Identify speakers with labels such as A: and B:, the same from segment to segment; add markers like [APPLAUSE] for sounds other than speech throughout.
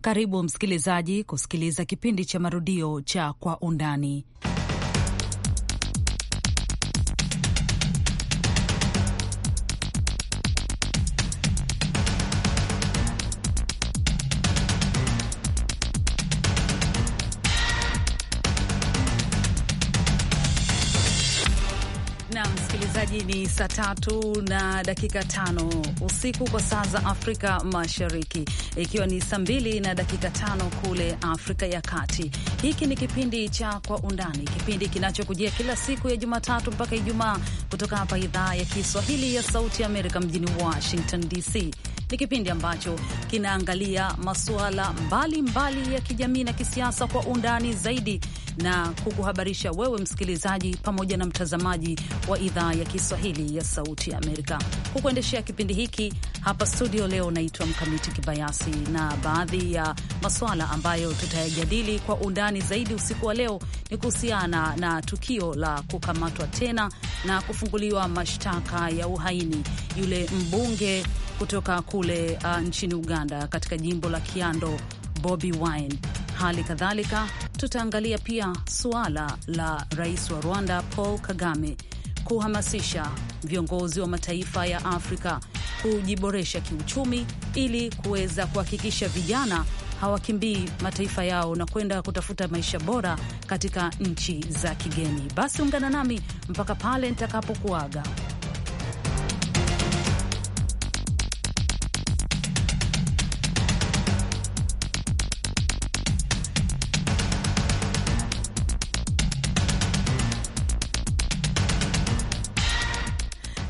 A: Karibu msikilizaji kusikiliza kipindi cha marudio cha Kwa Undani. saa tatu na dakika tano usiku kwa saa za Afrika Mashariki, ikiwa ni saa mbili na dakika tano kule Afrika ya Kati. Hiki ni kipindi cha Kwa Undani, kipindi kinachokujia kila siku ya Jumatatu mpaka Ijumaa kutoka hapa idhaa ya Kiswahili ya Sauti ya Amerika mjini Washington DC. Ni kipindi ambacho kinaangalia masuala mbalimbali ya kijamii na kisiasa kwa undani zaidi na kukuhabarisha wewe msikilizaji pamoja na mtazamaji wa idhaa ya Kiswahili ya Sauti ya Amerika. Kukuendeshea kipindi hiki hapa studio leo, naitwa Mkamiti Kibayasi, na baadhi ya masuala ambayo tutayajadili kwa undani zaidi usiku wa leo ni kuhusiana na tukio la kukamatwa tena na kufunguliwa mashtaka ya uhaini yule mbunge kutoka kule uh, nchini Uganda katika jimbo la Kiando Bobi Wine. Hali kadhalika tutaangalia pia suala la rais wa Rwanda Paul Kagame kuhamasisha viongozi wa mataifa ya Afrika kujiboresha kiuchumi ili kuweza kuhakikisha vijana hawakimbii mataifa yao na kwenda kutafuta maisha bora katika nchi za kigeni. Basi ungana nami mpaka pale nitakapokuaga.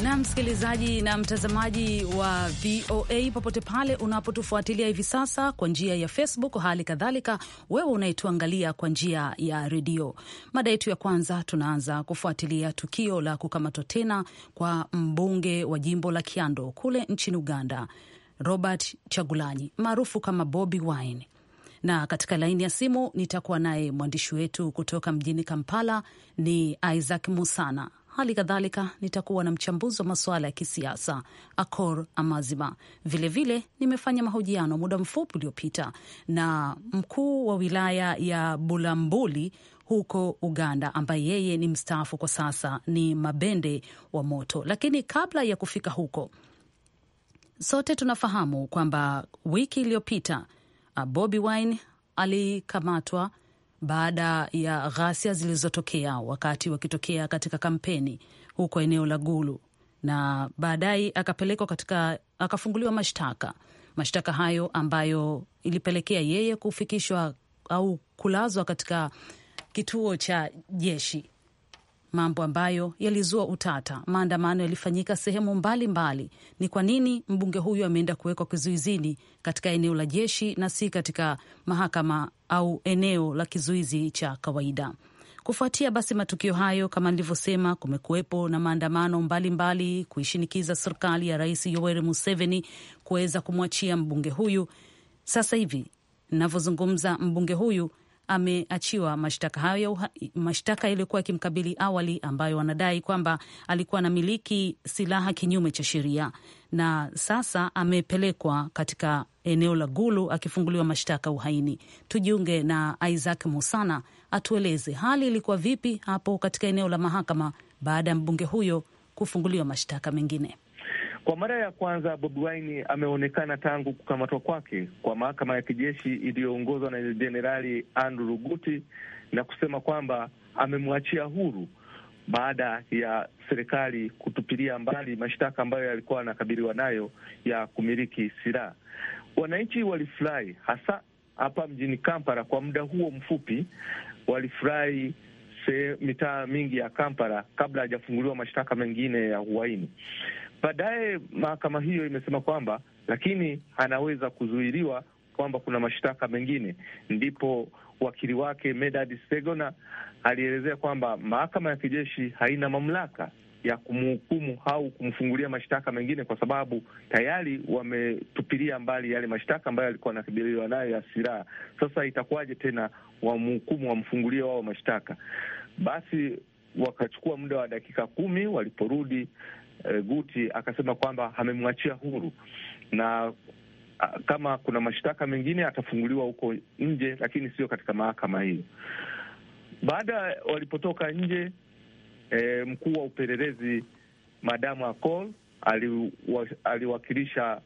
A: na msikilizaji na mtazamaji wa VOA popote pale unapotufuatilia hivi sasa kwa njia ya Facebook, hali kadhalika wewe unayetuangalia kwa njia ya redio. Mada yetu ya kwanza, tunaanza kufuatilia tukio la kukamatwa tena kwa mbunge wa jimbo la Kiando kule nchini Uganda, Robert Chagulanyi maarufu kama Bobi Wine, na katika laini ya simu nitakuwa naye mwandishi wetu kutoka mjini Kampala ni Isaac Musana. Hali kadhalika nitakuwa na mchambuzi wa masuala ya kisiasa Akor Amazima. Vilevile vile, nimefanya mahojiano muda mfupi uliopita na mkuu wa wilaya ya Bulambuli huko Uganda, ambaye yeye ni mstaafu kwa sasa, ni Mabende wa Moto. Lakini kabla ya kufika huko, sote tunafahamu kwamba wiki iliyopita uh, Bobi Wine alikamatwa baada ya ghasia zilizotokea wakati wakitokea katika kampeni huko eneo la Gulu, na baadaye akapelekwa katika, akafunguliwa mashtaka, mashtaka hayo ambayo ilipelekea yeye kufikishwa au kulazwa katika kituo cha jeshi mambo ambayo yalizua utata. Maandamano yalifanyika sehemu mbalimbali. Ni kwa nini mbunge huyu ameenda kuwekwa kizuizini katika eneo la jeshi na si katika mahakama au eneo la kizuizi cha kawaida? Kufuatia basi matukio hayo, kama nilivyosema, kumekuwepo na maandamano mbalimbali kuishinikiza serikali ya Rais Yoweri Museveni kuweza kumwachia mbunge huyu. Sasa hivi navyozungumza, mbunge huyu ameachiwa mashtaka hayo, mashtaka yaliyokuwa yakimkabili awali, ambayo anadai kwamba alikuwa anamiliki silaha kinyume cha sheria, na sasa amepelekwa katika eneo la Gulu akifunguliwa mashtaka uhaini. Tujiunge na Isaac Musana atueleze hali ilikuwa vipi hapo katika eneo la mahakama baada ya mbunge huyo kufunguliwa mashtaka mengine.
B: Kwa mara ya kwanza Bobi Wine ameonekana tangu kukamatwa kwake kwa mahakama ya kijeshi iliyoongozwa na Jenerali Andrew Ruguti na kusema kwamba amemwachia huru baada ya serikali kutupilia mbali mashtaka ambayo yalikuwa anakabiliwa nayo ya kumiliki silaha. Wananchi walifurahi hasa hapa mjini Kampala. Kwa muda huo mfupi walifurahi mitaa mingi ya Kampala kabla hajafunguliwa mashtaka mengine ya uhaini. Baadaye mahakama hiyo imesema kwamba lakini anaweza kuzuiliwa kwamba kuna mashtaka mengine. Ndipo wakili wake Medad Segona alielezea kwamba mahakama ya kijeshi haina mamlaka ya kumhukumu au kumfungulia mashtaka mengine kwa sababu tayari wametupilia mbali yale mashtaka ambayo alikuwa anakabiliwa nayo ya silaha. Sasa itakuwaje tena wamhukumu, wamfungulie wao mashtaka? Basi wakachukua muda wa dakika kumi. Waliporudi e, Guti akasema kwamba amemwachia huru na a, kama kuna mashtaka mengine atafunguliwa huko nje, lakini sio katika mahakama hiyo. Baada walipotoka nje e, mkuu wa upelelezi madamu Akol aliwakilisha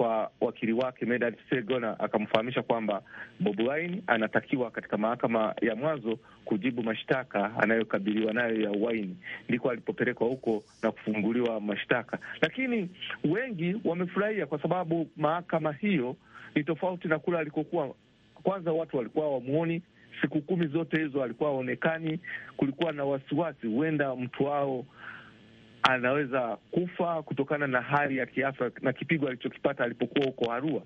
B: kwa wakili wake Medad Segona akamfahamisha kwamba Bobi Wine anatakiwa katika mahakama ya mwanzo kujibu mashtaka anayokabiliwa nayo ya uwaini. Ndiko alipopelekwa huko na kufunguliwa mashtaka, lakini wengi wamefurahia kwa sababu mahakama hiyo ni tofauti na kule alikokuwa. Kwanza watu walikuwa wamuoni siku kumi zote hizo alikuwa haonekani. Kulikuwa na wasiwasi, huenda mtu wao anaweza kufa kutokana na hali ya kiafya na kipigo alichokipata alipokuwa huko Arua.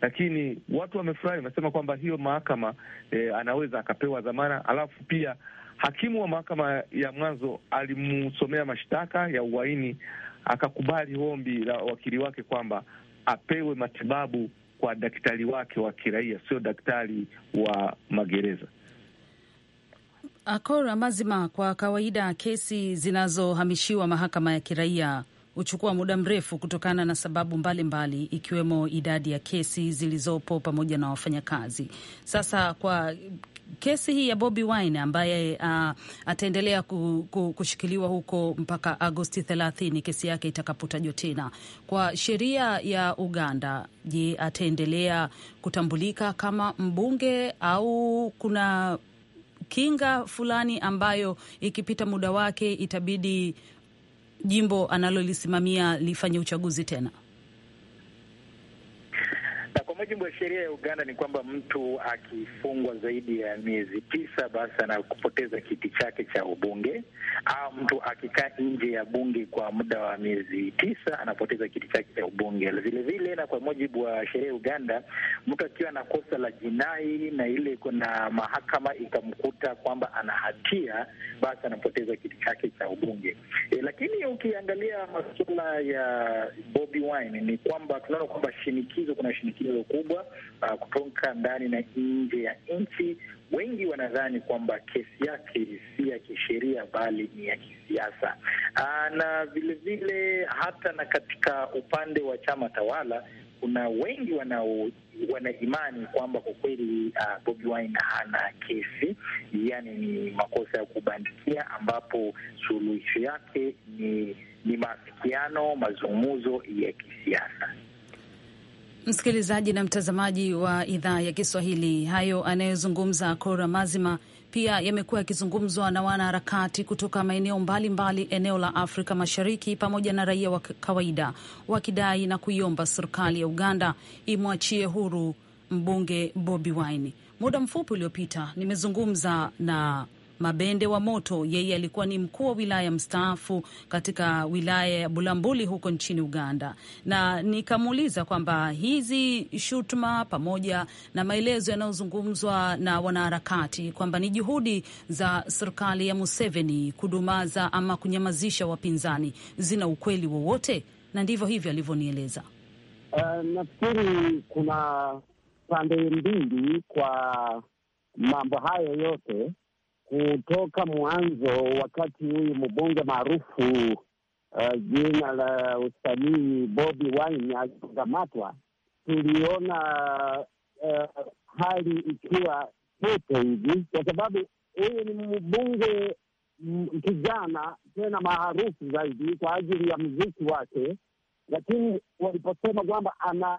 B: Lakini watu wamefurahi, wanasema kwamba hiyo mahakama eh, anaweza akapewa dhamana. Alafu pia hakimu wa mahakama ya mwanzo alimsomea mashtaka ya uhaini, akakubali ombi la wakili wake kwamba apewe matibabu kwa daktari wake wa kiraia, sio daktari wa magereza.
A: Akora mazima, kwa kawaida kesi zinazohamishiwa mahakama ya kiraia huchukua muda mrefu kutokana na sababu mbalimbali mbali, ikiwemo idadi ya kesi zilizopo pamoja na wafanyakazi. Sasa kwa kesi hii ya Bobi Wine ambaye uh, ataendelea kushikiliwa huko mpaka Agosti 30 kesi yake itakapotajwa tena kwa sheria ya Uganda. Je, ataendelea kutambulika kama mbunge au kuna kinga fulani ambayo ikipita muda wake itabidi jimbo analolisimamia lifanye uchaguzi tena?
C: Mujibu wa sheria ya Uganda ni kwamba mtu akifungwa zaidi ya miezi tisa, basi anapoteza kiti chake cha ubunge, au mtu akikaa nje ya bunge kwa muda wa miezi tisa anapoteza kiti chake cha ubunge vilevile vile. Na kwa mujibu wa sheria ya Uganda, mtu akiwa na kosa la jinai na ile kuna mahakama ikamkuta kwamba ana hatia, basi anapoteza kiti chake cha ubunge e, lakini ukiangalia masuala ya Bobi Wine ni kwamba tunaona kwamba shinikizo, kuna shinikizo kubwa uh, kutoka ndani na nje ya nchi. Wengi wanadhani kwamba kesi yake si ya kisheria bali ni ya kisiasa. Uh, na vilevile hata na katika upande wa chama tawala kuna wengi wanao wana imani kwamba kwa kweli uh, Bobi Wine hana kesi, yani ni makosa ya kubandikia, ambapo suluhisho yake ni, ni maafikiano mazungumzo ya kisiasa.
A: Msikilizaji na mtazamaji wa idhaa ya Kiswahili, hayo anayezungumza Kora Mazima pia yamekuwa yakizungumzwa na wanaharakati kutoka maeneo mbalimbali eneo la Afrika Mashariki pamoja na raia wa kawaida wakidai na kuiomba serikali ya Uganda imwachie huru mbunge Bobi Wine. Muda mfupi uliopita nimezungumza na Mabende wa Moto. Yeye alikuwa ni mkuu wa wilaya mstaafu katika wilaya ya Bulambuli huko nchini Uganda, na nikamuuliza kwamba hizi shutuma pamoja na maelezo yanayozungumzwa na wanaharakati kwamba ni juhudi za serikali ya Museveni kudumaza ama kunyamazisha wapinzani zina ukweli wowote? Na ndivyo hivyo alivyonieleza.
D: Uh, nafikiri kuna pande mbili kwa mambo hayo yote kutoka mwanzo, wakati huyu mbunge maarufu uh, jina la usanii Bobi Wine alikamatwa, tuliona uh, hali ikiwa tete hivi, kwa sababu huyu ni mbunge mm, kijana tena maarufu zaidi kwa ajili ya mziki wake, lakini waliposema kwamba ana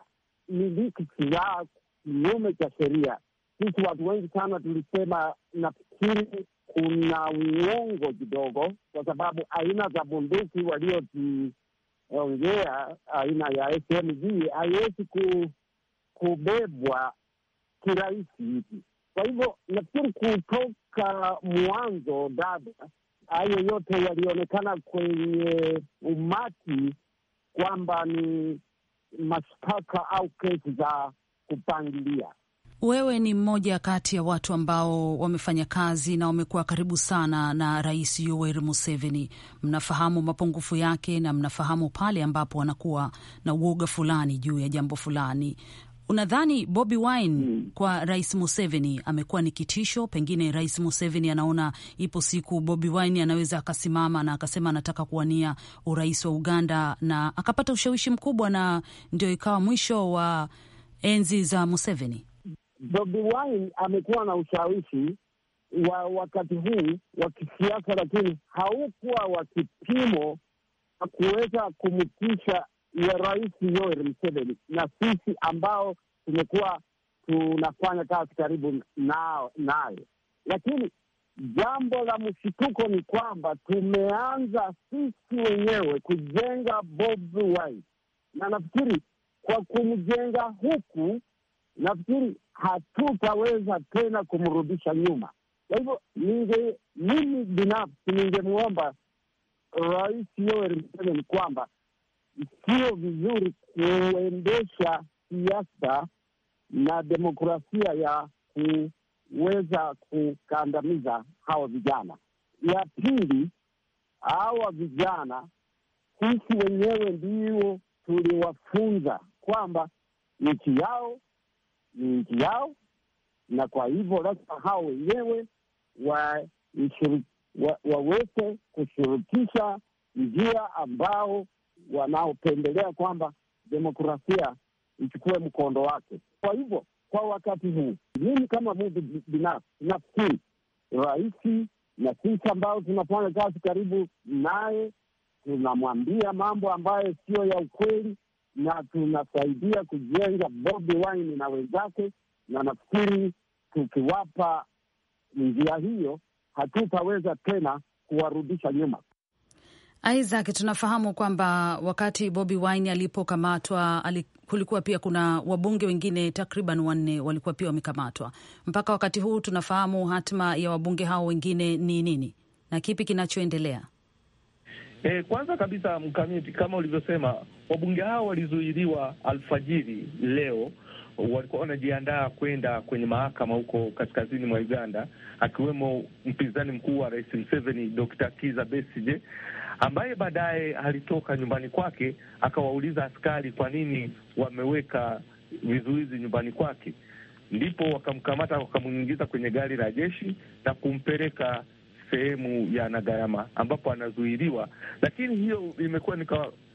D: miliki silaha kinyume cha sheria sisi watu wengi sana tulisema, nafikiri kuna uongo kidogo, kwa sababu aina za bunduki walioziongea, aina ya SMG haiwezi ku, kubebwa kirahisi hivi. Kwa hivyo nafikiri kutoka mwanzo, dada, hayo yote yalionekana kwenye umati kwamba ni mashtaka au kesi za kupangilia
A: wewe ni mmoja kati ya watu ambao wamefanya kazi na wamekuwa karibu sana na Rais Yoweri Museveni. Mnafahamu mapungufu yake na mnafahamu pale ambapo anakuwa na uoga fulani juu ya jambo fulani. Unadhani Bobi Wine hmm, kwa Rais Museveni amekuwa ni kitisho? Pengine Rais Museveni anaona ipo siku Bobi Wine anaweza akasimama na akasema anataka kuwania urais wa Uganda na akapata ushawishi mkubwa, na ndio ikawa mwisho wa enzi za Museveni.
D: Bobi Wine amekuwa na ushawishi wa wakati huu wa kisiasa, lakini haukuwa wa kipimo wa kuweza kumtisha ya Rais Yoweri Museveni na sisi ambao tumekuwa tunafanya kazi karibu na, na. lakini jambo la mshituko ni kwamba tumeanza sisi wenyewe kujenga Bobi Wine, na nafikiri kwa kumjenga huku nafikiri hatutaweza tena kumrudisha nyuma. Kwa hivyo ninge, mimi binafsi ningemwomba Rais Yoweri Museveni kwamba sio vizuri kuendesha siasa na demokrasia ya kuweza kukandamiza hawa vijana. Ya pili, hawa vijana sisi wenyewe ndio tuliwafunza kwamba nchi yao ni nchi yao, na kwa hivyo lazima hao wenyewe wa, wa, waweze kushirikisha njia ambao wanaopendelea kwamba demokrasia ichukue mkondo wake. Kwa hivyo kwa wakati huu, mimi kama mtu binafsi nafikiri rais na sisi ambao tunafanya kazi karibu naye tunamwambia mambo ambayo siyo ya ukweli, na tunasaidia kujenga Bobi Wine na wenzake, na nafikiri tukiwapa njia hiyo hatutaweza tena kuwarudisha nyuma.
A: Isaac, tunafahamu kwamba wakati Bobi Wine alipokamatwa kulikuwa pia kuna wabunge wengine takriban wanne walikuwa pia wamekamatwa. Mpaka wakati huu tunafahamu hatima ya wabunge hao wengine ni nini na kipi kinachoendelea?
B: [LAUGHS] E, kwanza kabisa mkamiti, kama ulivyosema, wabunge hao walizuiliwa alfajiri leo walikuwa wanajiandaa kwenda kwenye mahakama huko kaskazini mwa Uganda, akiwemo mpinzani mkuu wa rais Museveni, Dr. Kiza Besije, ambaye baadaye alitoka nyumbani kwake akawauliza askari kwa nini wameweka vizuizi nyumbani kwake. Ndipo wakamkamata wakamwingiza kwenye gari la jeshi na kumpeleka sehemu ya Nagarama ambapo anazuiliwa, lakini hiyo imekuwa ni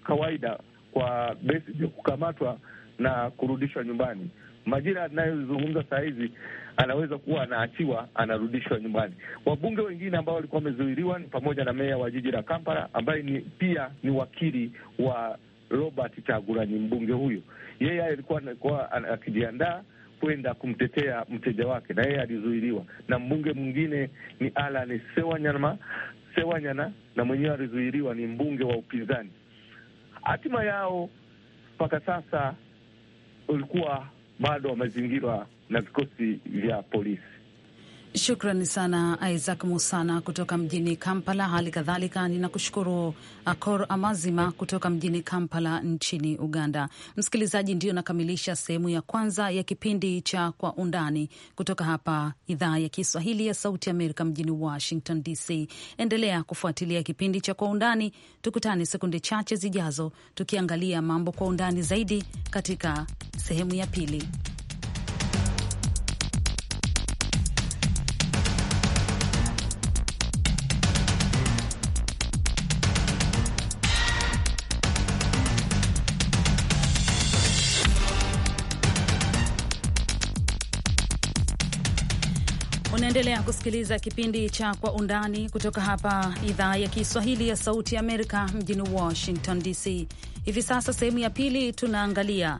B: kawaida kwa Besigye kukamatwa na kurudishwa nyumbani. Majira anayozungumza saa hizi anaweza kuwa anaachiwa, anarudishwa nyumbani. Wabunge wengine ambao walikuwa wamezuiliwa ni pamoja na meya wa jiji la Kampala ambaye ni pia ni wakili wa Robert Chagulanyi, mbunge huyo. Yeye alikuwa akijiandaa kwenda kumtetea mteja wake, na yeye alizuiliwa. Na mbunge mwingine ni Alan Sewanyana, Sewanyana na mwenyewe alizuiliwa, ni mbunge wa upinzani. Hatima yao mpaka sasa ulikuwa bado wamezingirwa na vikosi vya polisi.
A: Shukrani sana Isaac Musana kutoka mjini Kampala. Hali kadhalika ninakushukuru Akor uh, Amazima kutoka mjini Kampala nchini Uganda. Msikilizaji, ndiyo nakamilisha sehemu ya kwanza ya kipindi cha Kwa Undani kutoka hapa idhaa ya Kiswahili ya Sauti Amerika mjini Washington DC. Endelea kufuatilia kipindi cha Kwa Undani. Tukutane sekunde chache zijazo tukiangalia mambo kwa undani zaidi katika sehemu ya pili. Unaendelea kusikiliza kipindi cha Kwa Undani kutoka hapa idhaa ya Kiswahili ya Sauti ya Amerika mjini Washington DC. Hivi sasa sehemu ya pili tunaangalia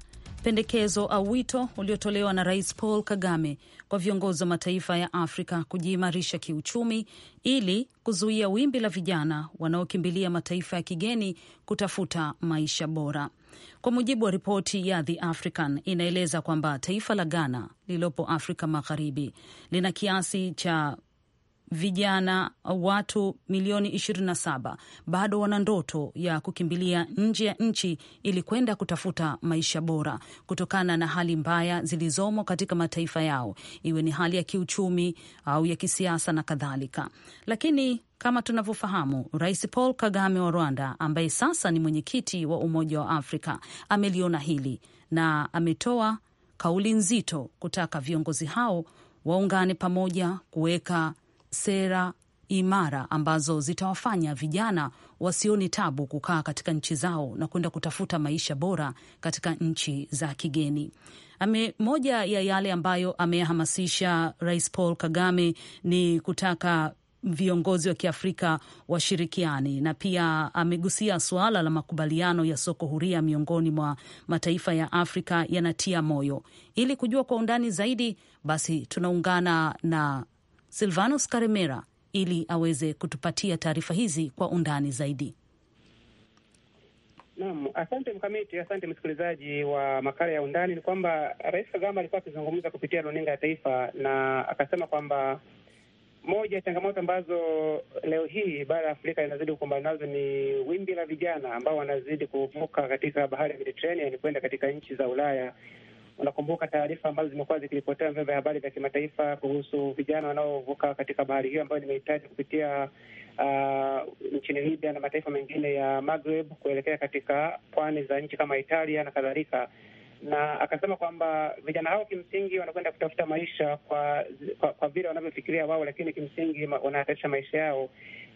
A: pendekezo au wito uliotolewa na Rais Paul Kagame kwa viongozi wa mataifa ya Afrika kujiimarisha kiuchumi ili kuzuia wimbi la vijana wanaokimbilia mataifa ya kigeni kutafuta maisha bora. Kwa mujibu wa ripoti ya The African inaeleza kwamba taifa la Ghana lililopo Afrika Magharibi lina kiasi cha vijana watu milioni 27 bado wana ndoto ya kukimbilia nje ya nchi ili kwenda kutafuta maisha bora kutokana na hali mbaya zilizomo katika mataifa yao, iwe ni hali ya kiuchumi au ya kisiasa na kadhalika. Lakini kama tunavyofahamu, Rais Paul Kagame wa Rwanda, ambaye sasa ni mwenyekiti wa Umoja wa Afrika, ameliona hili na ametoa kauli nzito kutaka viongozi hao waungane pamoja kuweka sera imara ambazo zitawafanya vijana wasioni tabu kukaa katika nchi zao na kwenda kutafuta maisha bora katika nchi za kigeni. Ame, moja ya yale ambayo ameyahamasisha Rais Paul Kagame ni kutaka viongozi wa Kiafrika washirikiani na pia amegusia suala la makubaliano ya soko huria miongoni mwa mataifa ya Afrika yanatia moyo. Ili kujua kwa undani zaidi, basi tunaungana na Silvanus Karemera ili aweze kutupatia taarifa hizi kwa undani zaidi.
E: Naam, asante Mkamiti, asante msikilizaji wa makala ya Undani. Ni kwamba Rais Kagame alikuwa akizungumza kupitia runinga ya taifa na akasema kwamba moja ya changamoto ambazo leo hii bara ya Afrika inazidi kukumbana nazo ni wimbi la vijana ambao wanazidi kuvuka katika bahari ya Mediterranean kwenda katika nchi za Ulaya Unakumbuka taarifa ambazo zimekuwa zikiripotea vyombo vya habari vya kimataifa kuhusu vijana wanaovuka katika bahari hiyo ambayo nimehitaji kupitia uh, nchini Libya na mataifa mengine ya Maghreb kuelekea katika pwani za nchi kama Italia na kadhalika na akasema kwamba vijana hao kimsingi wanakwenda kutafuta maisha kwa kwa, kwa vile wanavyofikiria wao, lakini kimsingi wanahatarisha maisha yao,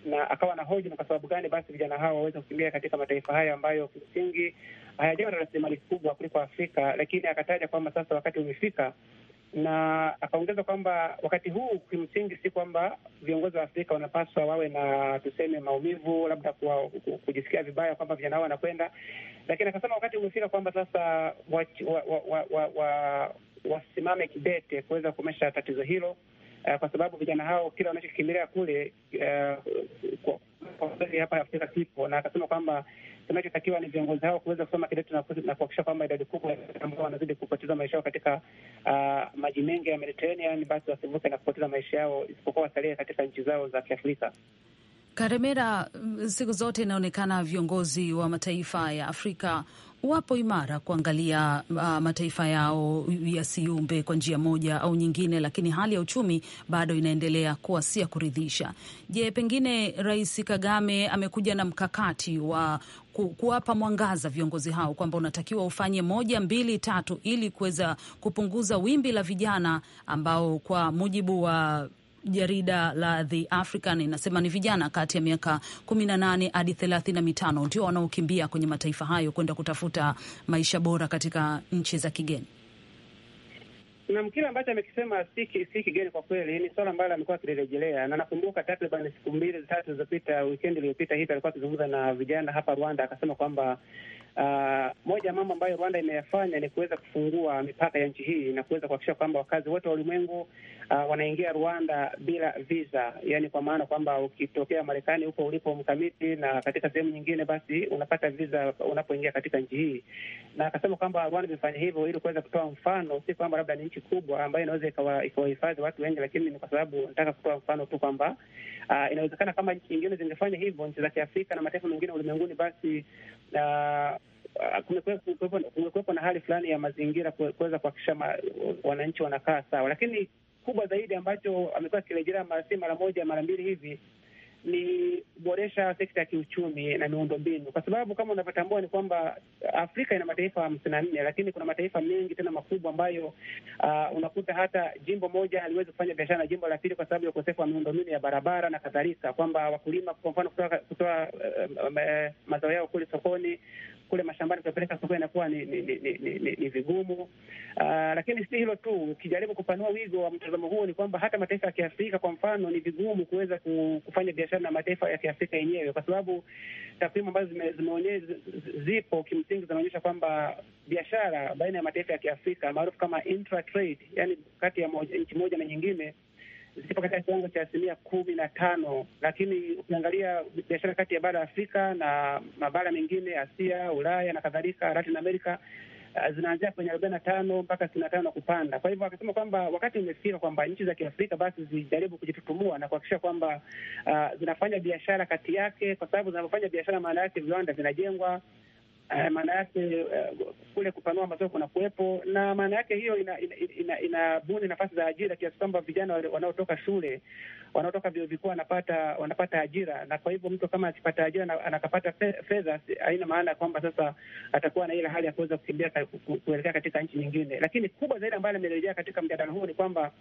E: na akawa na hoja, kwa sababu gani basi vijana hao waweze kukimbia katika mataifa haya ambayo kimsingi hayajawa na rasilimali kubwa kuliko Afrika, lakini akataja kwamba sasa wakati umefika na akaongeza kwamba wakati huu kimsingi si kwamba viongozi wa Afrika wanapaswa wawe na tuseme maumivu, labda kuwa, kujisikia vibaya kwamba vijana hao wanakwenda, lakini akasema wakati umefika kwamba sasa wasimame wa, wa, wa, wa, kidete kuweza kukomesha tatizo hilo. Uh, kwa sababu vijana hao kila wanachokikimbilia kule uh, hapa Afrika kipo, na akasema kwamba kinachotakiwa ni viongozi hao kuweza kusoma kidato na kuhakikisha kwamba idadi kubwa ambao wanazidi kupoteza maisha yao katika uh, maji mengi ya Mediterranean basi wasivuke na kupoteza maisha yao, isipokuwa wasalie katika nchi zao za Kiafrika.
A: Karemera, mm, siku zote inaonekana viongozi wa mataifa ya Afrika wapo imara kuangalia uh, mataifa yao yasiumbe kwa njia moja au nyingine, lakini hali ya uchumi bado inaendelea kuwa si ya kuridhisha. Je, pengine Rais Kagame amekuja na mkakati wa ku, kuwapa mwangaza viongozi hao kwamba unatakiwa ufanye moja, mbili, tatu ili kuweza kupunguza wimbi la vijana ambao kwa mujibu wa jarida la The African inasema ni vijana kati ya miaka 18 hadi 35 ndio wanaokimbia kwenye mataifa hayo kwenda kutafuta maisha bora katika nchi za kigeni.
E: Naam, kile ambacho amekisema si kigeni kwa kweli, ni swala ambalo amekuwa akilirejelea, na nakumbuka takriban siku mbili tatu zilizopita, wikendi iliyopita hivi, alikuwa akizungumza na vijana hapa Rwanda, akasema kwamba Uh, moja ya mambo ambayo Rwanda imeyafanya ni kuweza kufungua mipaka ya nchi hii na kuweza kuhakikisha kwamba wakazi wote wa ulimwengu uh, wanaingia Rwanda bila visa, yani kwa maana kwamba ukitokea Marekani huko ulipo mkamiti na katika sehemu nyingine, basi unapata visa unapoingia katika nchi hii. Na akasema kwamba Rwanda imefanya hivyo ili kuweza kutoa mfano, si kwamba labda ni nchi kubwa ambayo inaweza ikawahifadhi watu wengi, lakini ni kwa sababu nataka kutoa mfano tu kwamba uh, inawezekana kama nchi nyingine zingefanya hivyo, nchi za Kiafrika na mataifa mengine ulimwenguni, basi uh, kumekuwepo na hali fulani ya mazingira kuweza kuhakikisha wananchi wanakaa sawa, lakini kubwa zaidi ambacho amekuwa akirejelea si mara moja mara mbili hivi ni kuboresha sekta ya kiuchumi na miundo mbinu, kwa sababu kama unavyotambua ni kwamba Afrika ina mataifa hamsini na nne lakini kuna mataifa mengi tena makubwa ambayo uh, unakuta hata jimbo moja haliwezi kufanya biashara na jimbo la pili kwa sababu ya ukosefu wa miundombinu ya barabara na kadhalika, kwamba wakulima kwa mfano kutoa uh, um, uh, mazao yao kule sokoni kule mashambani kupeleka sokoni inakuwa ni, ni, ni, ni, ni, ni vigumu. Uh, lakini si hilo tu, ukijaribu kupanua wigo wa mtazamo huo ni kwamba hata mataifa ya Kiafrika kwa mfano ni vigumu kuweza kufanya biashara na mataifa ya Kiafrika yenyewe, kwa sababu takwimu ambazo zimeonyesha zipo kimsingi zinaonyesha kwamba biashara baina ya mataifa ya Kiafrika maarufu kama intra trade, yani kati ya nchi moja na nyingine zipo katika kiwango cha asilimia kumi na tano, lakini ukiangalia biashara kati ya bara ya Afrika na mabara mengine Asia, Ulaya na kadhalika, Latin America eh, zinaanzia kwenye arobaini na tano mpaka sitini na tano na kupanda. Kwa hivyo akasema kwamba wakati umefika kwamba nchi za Kiafrika basi zijaribu kujitutumua na kuhakikisha kwamba uh, zinafanya biashara kati yake, kwa sababu zinapofanya biashara maana yake viwanda vinajengwa, Eh, maana yake eh, kule kupanua masoko kuna kuwepo na maana yake hiyo inabuni ina, ina, ina nafasi za ajira kiasi kwamba vijana wanaotoka shule wanaotoka vyuo vikuu wanapata wanapata ajira, na kwa hivyo mtu kama akipata ajira na anakapata fedha, haina maana ya kwamba sasa atakuwa na ile hali ya kuweza kukimbia kuelekea katika nchi nyingine. Lakini kubwa zaidi ambayo limerejea katika mjadala huu ni kwamba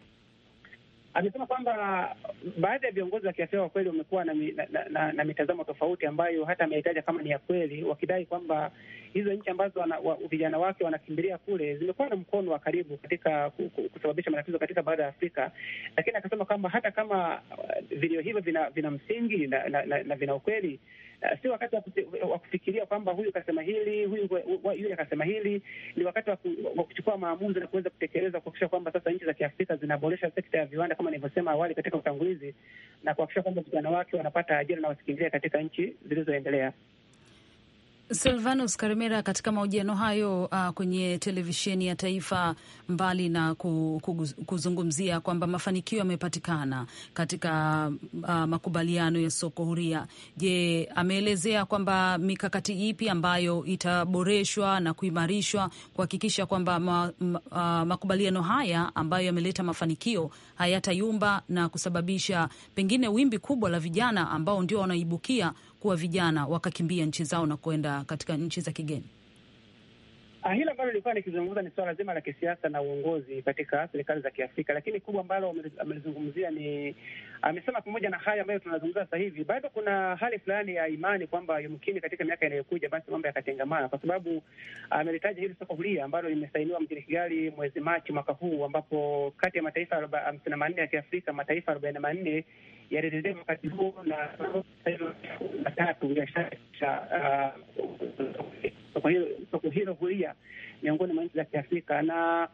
E: amesema kwamba baadhi ya viongozi wa kiafrika kwa kweli wamekuwa na, na, na, na, na mitazamo tofauti ambayo hata amehitaja kama ni ya kweli, wakidai kwamba hizo nchi ambazo wa, vijana wake wanakimbilia kule zimekuwa na mkono wa karibu katika kusababisha matatizo katika bara ya Afrika. Lakini akasema kwamba hata kama uh, vilio hivyo vina, vina msingi na, na, na, na vina ukweli Eh, si wakati wa kufikiria kwamba huyu kasema hili, huyu yule akasema hili. Ni wakati wa kuchukua maamuzi na kuweza kutekeleza, kuhakikisha kwamba sasa nchi za Kiafrika zinaboresha sekta ya viwanda kama nilivyosema awali katika utangulizi, na kuhakikisha kwamba vijana wake wanapata ajira na wasikimbilia katika nchi zilizoendelea.
A: Silvanus Karimera, katika mahojiano hayo uh, kwenye televisheni ya taifa, mbali na kuzungumzia kwamba mafanikio yamepatikana katika uh, makubaliano ya soko huria, je, ameelezea kwamba mikakati ipi ambayo itaboreshwa na kuimarishwa kuhakikisha kwamba ma, ma, uh, makubaliano haya ambayo yameleta mafanikio hayatayumba na kusababisha pengine wimbi kubwa la vijana ambao ndio wanaibukia kuwa vijana wakakimbia nchi zao na kuenda katika nchi za kigeni?
E: Ah, hili ambalo lilikuwa nikizungumza ni suala zima la kisiasa na uongozi katika serikali za Kiafrika, lakini kubwa ambalo amelizungumzia ni amesema, pamoja na haya ambayo tunazungumza sasa hivi, bado kuna hali fulani ya imani kwamba yumkini katika miaka inayokuja basi mambo yakatengamana, kwa sababu amelitaja hili soko huria ambalo limesainiwa mjini Kigali mwezi Machi mwaka huu, ambapo kati ya mataifa hamsini na manne ya Kiafrika mataifa arobaini na manne yalitetea wakati huo na tatu biashara uh, soko hilo huria miongoni mwa nchi za Kiafrika na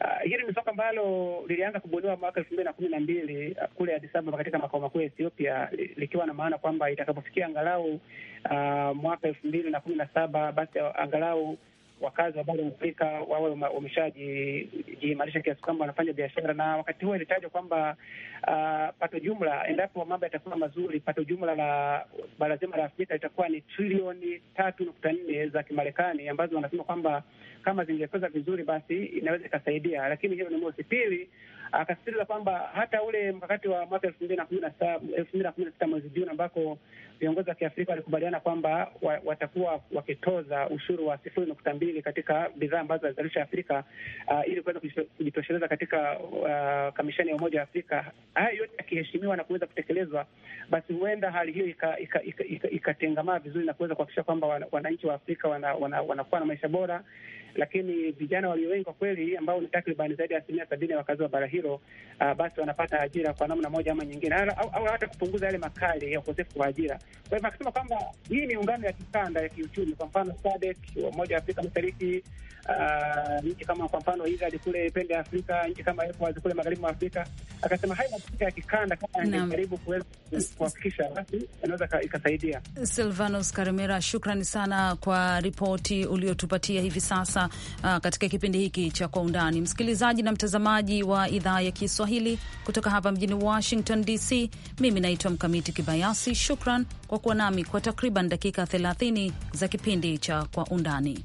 E: uh, hili ni soko ambalo lilianza kubuniwa mwaka elfu mbili na kumi na mbili uh, kule Addis Ababa katika makao makuu ya Ethiopia, likiwa na maana kwamba itakapofikia angalau mwaka elfu mbili na kumi na saba basi angalau wakazi wa bara la Afrika wawe wameshajiimarisha kiasi kwamba wanafanya biashara, na wakati huo ilitajwa kwamba uh, pato jumla, endapo mambo yatakuwa mazuri, pato jumla la bara zima la Afrika litakuwa ni trilioni tatu nukta nne za Kimarekani ambazo wanasema kwamba kama zingefanya vizuri, basi inaweza ikasaidia, lakini hiyo ni mosi. Pili, akasisitiza kwamba hata ule mkakati wa mwaka elfu mbili na kumi na saba elfu mbili na kumi na sita mwezi Juni ambako viongozi wa Kiafrika walikubaliana kwamba wa, watakuwa wakitoza ushuru wa sifuri nukta mbili katika bidhaa ambazo zinazalisha Afrika uh, ili kuweza kujitosheleza katika uh, kamishani ya Umoja wa Afrika. Haya yote yakiheshimiwa na kuweza kutekelezwa, basi huenda hali hiyo ikatengamaa ika, ika, ika, ika vizuri na kuweza kuhakikisha kwamba wananchi wa Afrika wanakuwa wana, wana na maisha bora lakini vijana walio wengi kwa kweli ambao ni takriban zaidi ya asilimia sabini ya wakazi wa bara hilo, uh, basi wanapata ajira kwa namna moja ama nyingine, au, hata kupunguza yale makali ya ukosefu wa ajira. Kwa hivyo akisema kwamba hii ni ungano ya kikanda ya kiuchumi, kwa mfano SADC, Umoja wa Afrika Mashariki, uh, nchi kama kwa mfano Igadi kule pembe ya Afrika, nchi kama ECOWAS kule magharibi mwa Afrika, akasema haya mapita ya kikanda kama yanajaribu kuweza kuhakikisha, basi inaweza ikasaidia.
A: Silvanus Karimera, shukrani sana kwa ripoti uliotupatia hivi sasa uh, katika kipindi hiki cha Kwa Undani. Msikilizaji na mtazamaji wa idhaa ya Kiswahili kutoka hapa mjini Washington DC, mimi naitwa Mkamiti Kibayasi. Shukran kwa kuwa nami kwa takriban dakika 30 za kipindi cha Kwa Undani.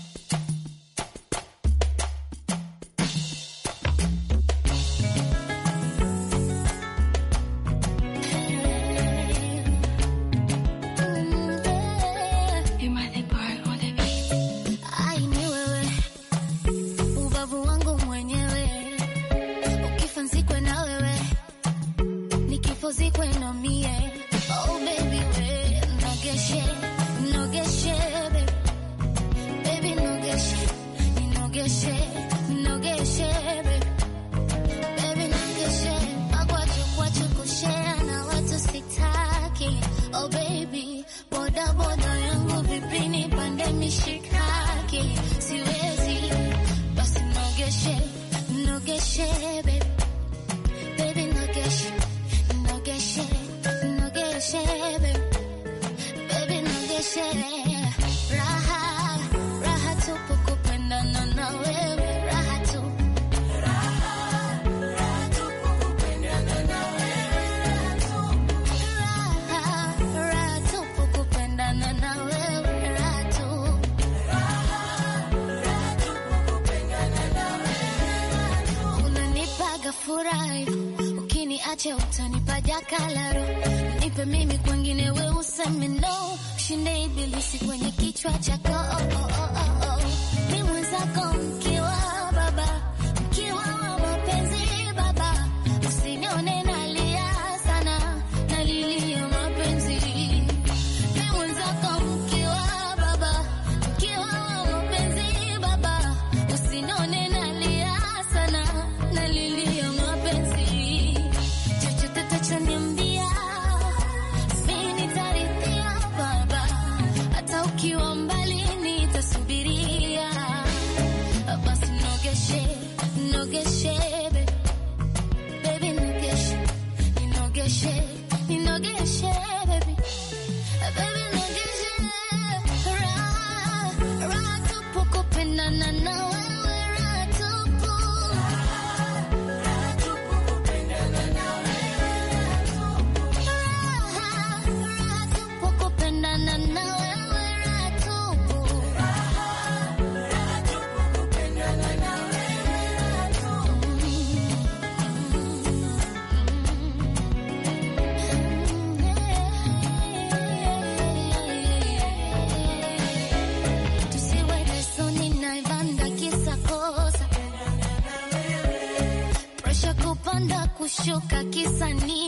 F: Shuka kisa ni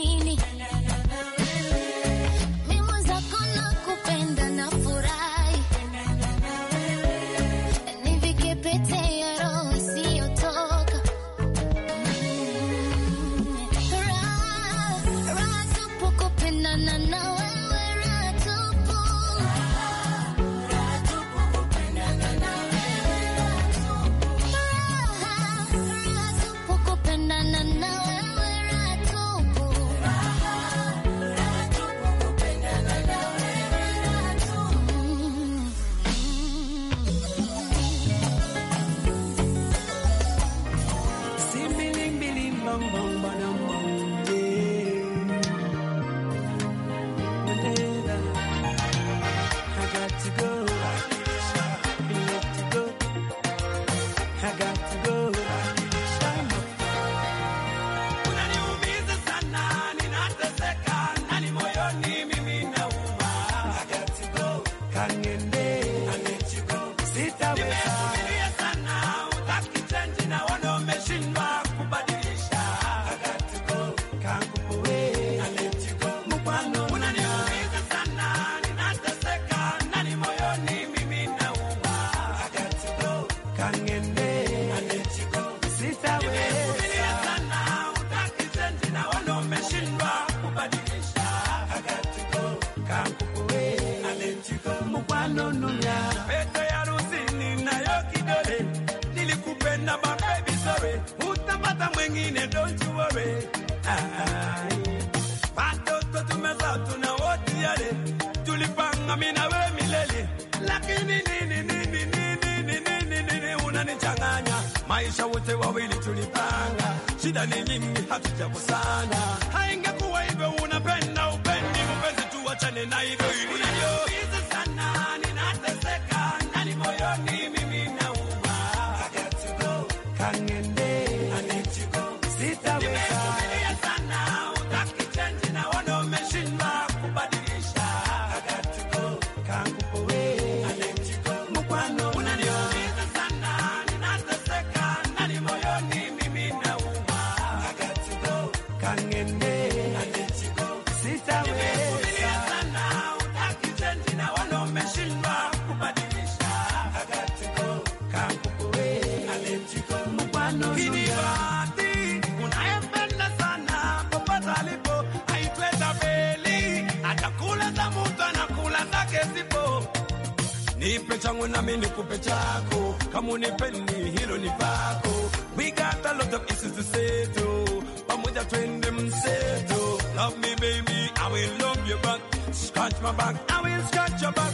G: kupata mwingine don't you worry. Ah, ah. Watoto tumezaa tuna wote yale tulipanga, mimi na wewe milele, lakini nini nini nini nini nini nini unanichanganya maisha, wote wawili tulipanga, shida ni nyingi, hatujakosana. Haingekuwa hivyo, unapenda upendi mpenzi, tu, tuachane na hivyo. nami nikupe chako, kama unipendi hilo ni pako. We got a lot of issues to settle, pamoja twende mseto. Love me baby, I will love you back, scratch my back, I will scratch your back.